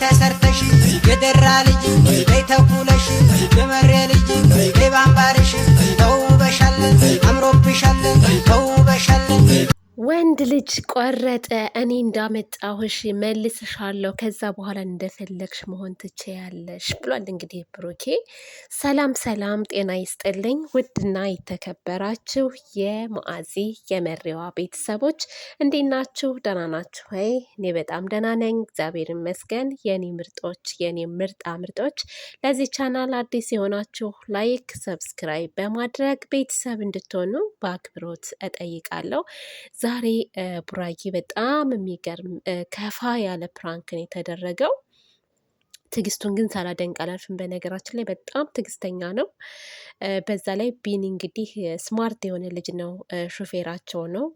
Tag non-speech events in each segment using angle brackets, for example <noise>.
ተሰርተሽ የደራ ልጅ ተኩለሽ የመሬ ልጅ ባንባርሽ ተውበሻለን አምሮብሻለን ወንድ ልጅ ቆረጠ። እኔ እንዳመጣሁሽ መልስሻለሁ፣ ከዛ በኋላ እንደፈለግሽ መሆን ትችያለሽ ብሏል። እንግዲህ ብሩኬ ሰላም ሰላም፣ ጤና ይስጥልኝ ውድና የተከበራችሁ የማዕዚ የመሪዋ ቤተሰቦች እንዴት ናችሁ? ደህና ናችሁ ወይ? እኔ በጣም ደህና ነኝ፣ እግዚአብሔር ይመስገን። የኔ ምርጦች፣ የኔ ምርጣ ምርጦች፣ ለዚህ ቻናል አዲስ የሆናችሁ ላይክ፣ ሰብስክራይብ በማድረግ ቤተሰብ እንድትሆኑ በአክብሮት እጠይቃለሁ። ዛሬ ቡራጌ በጣም የሚገርም ከፋ ያለ ፕራንክን የተደረገው። ትግስቱን ግን ሳላደንቅ አላልፍም። በነገራችን ላይ በጣም ትዕግስተኛ ነው። በዛ ላይ ቢን እንግዲህ ስማርት የሆነ ልጅ ነው፣ ሹፌራቸው ነው።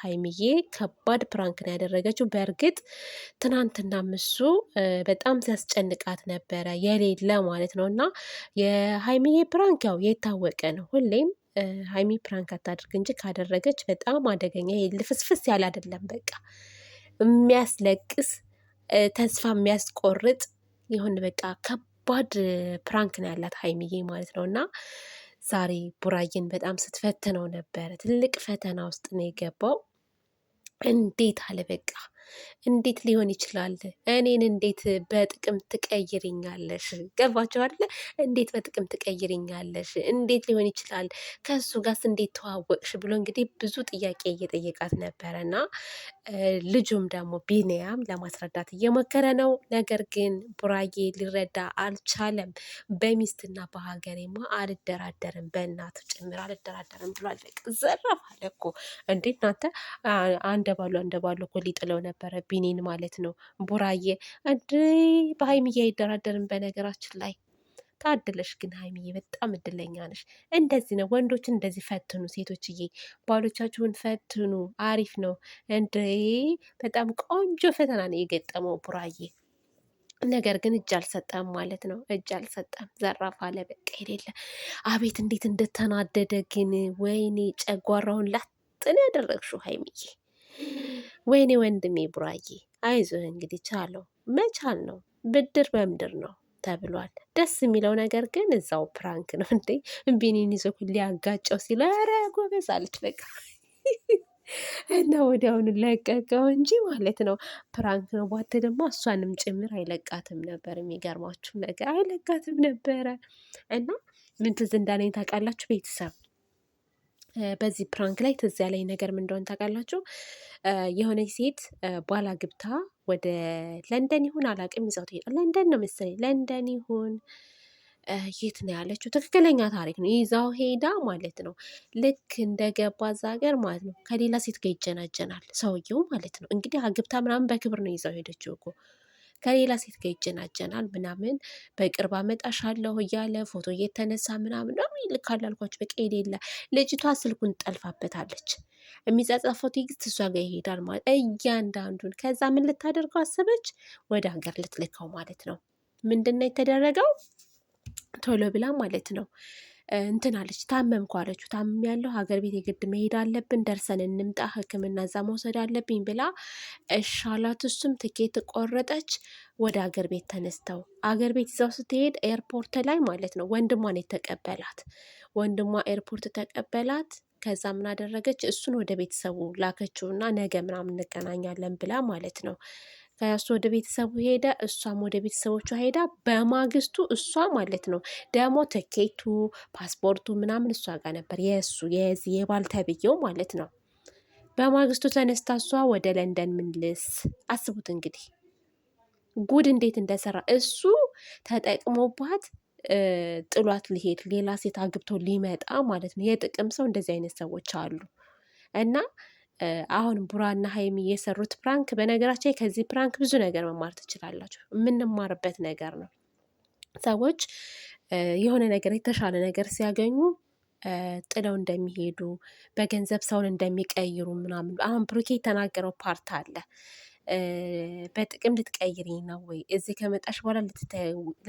ሀይሚዬ ከባድ ፕራንክ ነው ያደረገችው። በእርግጥ ትናንትና ምሱ በጣም ሲያስጨንቃት ነበረ የሌለ ማለት ነው። እና የሀይሚዬ ፕራንክ ያው የታወቀ ነው ሁሌም ሀይሚ ፕራንክ አታድርግ እንጂ ካደረገች በጣም አደገኛ። ልፍስፍስ ያለ አይደለም፣ በቃ የሚያስለቅስ ተስፋ የሚያስቆርጥ ይሆን በቃ ከባድ ፕራንክ ነው ያላት ሀይሚዬ ማለት ነው። እና ዛሬ ቡራዬን በጣም ስትፈትነው ነበረ። ትልቅ ፈተና ውስጥ ነው የገባው። እንዴት አለ በቃ እንዴት ሊሆን ይችላል? እኔን እንዴት በጥቅም ትቀይርኛለሽ? ገባችሁ አይደለ? እንዴት በጥቅም ትቀይርኛለሽ? እንዴት ሊሆን ይችላል? ከእሱ ጋርስ እንዴት ተዋወቅሽ? ብሎ እንግዲህ ብዙ ጥያቄ እየጠየቃት ነበረ እና ልጁም ደግሞ ቢንያም ለማስረዳት እየሞከረ ነው። ነገር ግን ቡራዬ ሊረዳ አልቻለም። በሚስትና በሀገሬማ አልደራደርም፣ በእናቱ ጭምር አልደራደርም ብሏል። በቃ ዘራፍ አለ እኮ እንዴት እናንተ አንደ ባሉ አንደ ባሉ እኮ ሊጥለው ነበር ነበረ ቢኒን ማለት ነው። ቡራዬ እንድ በሀይሚዬ አይደራደርም በነገራችን ላይ ታድለሽ ግን ሀይሚዬ በጣም እድለኛ ነሽ። እንደዚህ ነው ወንዶችን እንደዚህ ፈትኑ ሴቶችዬ፣ ባሎቻችሁን ፈትኑ። አሪፍ ነው እንዴ! በጣም ቆንጆ ፈተና ነው የገጠመው ቡራዬ። ነገር ግን እጅ አልሰጠም ማለት ነው። እጅ አልሰጠም። ዘራፍ አለ በቃ የሌለ አቤት እንዴት እንደተናደደ ግን! ወይኔ ጨጓራውን ላጥን ያደረግሽው ሀይሚዬ። ወይኔ ወንድሜ ቡራዬ አይዞህ እንግዲህ ቻለው መቻል ነው ብድር በምድር ነው ተብሏል። ደስ የሚለው ነገር ግን እዛው ፕራንክ ነው እንዴ ቢኒን ይዞ ሊያጋጨው ሲለ ኧረ ጎበዝ አለች በቃ እና ወዲያውኑ ለቀቀው እንጂ ማለት ነው ፕራንክ ነው። ቧት ደግሞ እሷንም ጭምር አይለቃትም ነበር። የሚገርማችሁ ነገር አይለቃትም ነበረ እና ምን ትዝ እንዳለኝ ታውቃላችሁ ቤተሰብ በዚህ ፕራንክ ላይ ትዝ ያለኝ ነገር ምን እንደሆነ ታውቃላችሁ? የሆነች ሴት ባላ ግብታ ወደ ለንደን ይሁን አላውቅም፣ ይዘው ለንደን ነው መሰለኝ ለንደን ይሁን የት ነው ያለችው? ትክክለኛ ታሪክ ነው። ይዛው ሄዳ ማለት ነው። ልክ እንደገባ እዛ ሀገር ማለት ነው ከሌላ ሴት ጋር ይጀናጀናል ሰውየው ማለት ነው። እንግዲህ አግብታ ምናምን በክብር ነው ይዛው ሄደችው እኮ ከሌላ ሴት ጋር ይጀናጀናል ምናምን በቅርብ አመጣሻለሁ እያለ ፎቶ እየተነሳ ምናምን ነው ይልካል። አልኳችሁ በቃ የሌለ ልጅቷ ስልኩን ጠልፋበታለች። የሚጻጻፈው ቴክስት እሷ ጋር ይሄዳል ማለት እያንዳንዱን። ከዛ ምን ልታደርገው አሰበች? ወደ ሀገር ልትልከው ማለት ነው። ምንድን ነው የተደረገው? ቶሎ ብላ ማለት ነው እንትን አለች ታመምኩ አለችው። ታመም ያለው ሀገር ቤት የግድ መሄድ አለብን፣ ደርሰን እንምጣ፣ ሕክምና እዛ መውሰድ አለብኝ ብላ እሻላት። እሱም ትኬት ቆረጠች። ወደ አገር ቤት ተነስተው አገር ቤት ይዛው ስትሄድ ኤርፖርት ላይ ማለት ነው ወንድሟን የተቀበላት ወንድሟ ኤርፖርት ተቀበላት። ከዛ ምን አደረገች? እሱን ወደ ቤተሰቡ ላከችውና ነገ ምናምን እንገናኛለን ብላ ማለት ነው ከእሱ ወደ ቤተሰቡ ሄደ፣ እሷም ወደ ቤተሰቦቿ ሄዳ በማግስቱ እሷ ማለት ነው ደግሞ ትኬቱ፣ ፓስፖርቱ ምናምን እሷ ጋር ነበር የእሱ የዚህ የባል ተብዬው ማለት ነው። በማግስቱ ተነስታ እሷ ወደ ለንደን ምንልስ አስቡት እንግዲህ ጉድ እንዴት እንደሰራ እሱ ተጠቅሞባት ጥሏት ሊሄድ ሌላ ሴት አግብቶ ሊመጣ ማለት ነው። የጥቅም ሰው እንደዚህ አይነት ሰዎች አሉ እና አሁን ቡራና ሀይሚ የሰሩት ፕራንክ በነገራችን ከዚህ ፕራንክ ብዙ ነገር መማር ትችላላችሁ። የምንማርበት ነገር ነው። ሰዎች የሆነ ነገር የተሻለ ነገር ሲያገኙ ጥለው እንደሚሄዱ በገንዘብ ሰውን እንደሚቀይሩ ምናምን አሁን ብሩኬ የተናገረው ፓርት አለ በጥቅም ልትቀይርኝ ነው ወይ? እዚህ ከመጣሽ በኋላ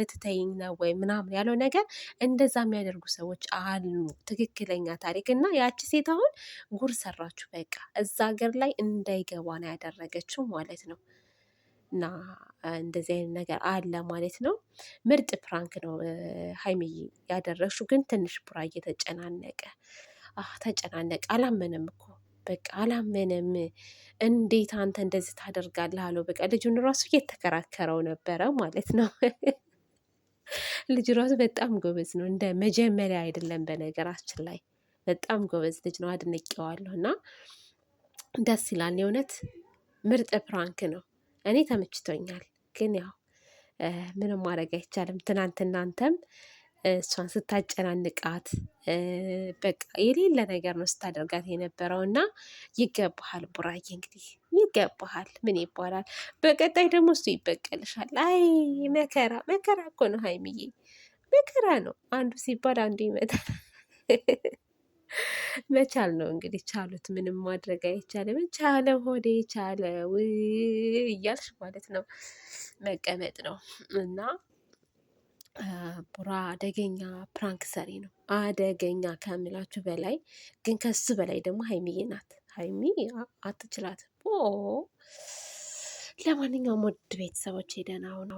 ልትተይኝ ነው ወይ? ምናምን ያለው ነገር እንደዛ የሚያደርጉ ሰዎች አሉ። ትክክለኛ ታሪክ እና ያቺ ሴት አሁን ጉር ሰራችሁ። በቃ እዛ ሀገር ላይ እንዳይገባ ነው ያደረገችው ማለት ነው። እና እንደዚህ አይነት ነገር አለ ማለት ነው። ምርጥ ፕራንክ ነው ሀይሚዬ ያደረግሽው፣ ግን ትንሽ ቡራ እየተጨናነቀ ተጨናነቀ። አላመነም እኮ በቃ አላመነም። እንዴት አንተ እንደዚህ ታደርጋለህ አለው። በቃ ልጁን ራሱ እየተከራከረው ነበረ ማለት ነው። <laughs> ልጅ ራሱ በጣም ጎበዝ ነው። እንደ መጀመሪያ አይደለም በነገራችን ላይ በጣም ጎበዝ ልጅ ነው። አድንቄዋለሁ እና ደስ ይላል። የእውነት ምርጥ ፕራንክ ነው። እኔ ተመችቶኛል። ግን ያው ምንም ማድረግ አይቻልም። ትናንት እናንተም እሷን ስታጨናንቃት በቃ የሌለ ነገር ነው ስታደርጋት የነበረው እና ይገባሃል፣ ቡራዬ እንግዲህ ይገባሃል። ምን ይባላል? በቀጣይ ደግሞ እሱ ይበቀልሻል። አይ መከራ መከራ እኮ ነው ሀይሚዬ፣ መከራ ነው። አንዱ ሲባል አንዱ ይመጣል። <laughs> መቻል ነው እንግዲህ፣ ቻሉት። ምንም ማድረግ አይቻልም። ቻለ ሆዴ ቻለ እያልሽ ማለት ነው መቀመጥ ነው እና ቡራ አደገኛ ፕራንክ ሰሪ ነው። አደገኛ ከምላችሁ በላይ ግን ከሱ በላይ ደግሞ ሀይሚዬ ናት። ሀይሚ አትችላትም። ለማንኛውም ውድ ቤተሰቦች ሄደን አሁን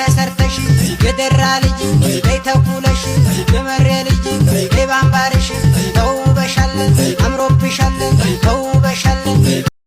ተሰርተሽ የደራ ልጅ ተኩለሽ ለመሬ ሌባምባርሽ ተውበሻለን አምሮብሻለን ተውበሻለን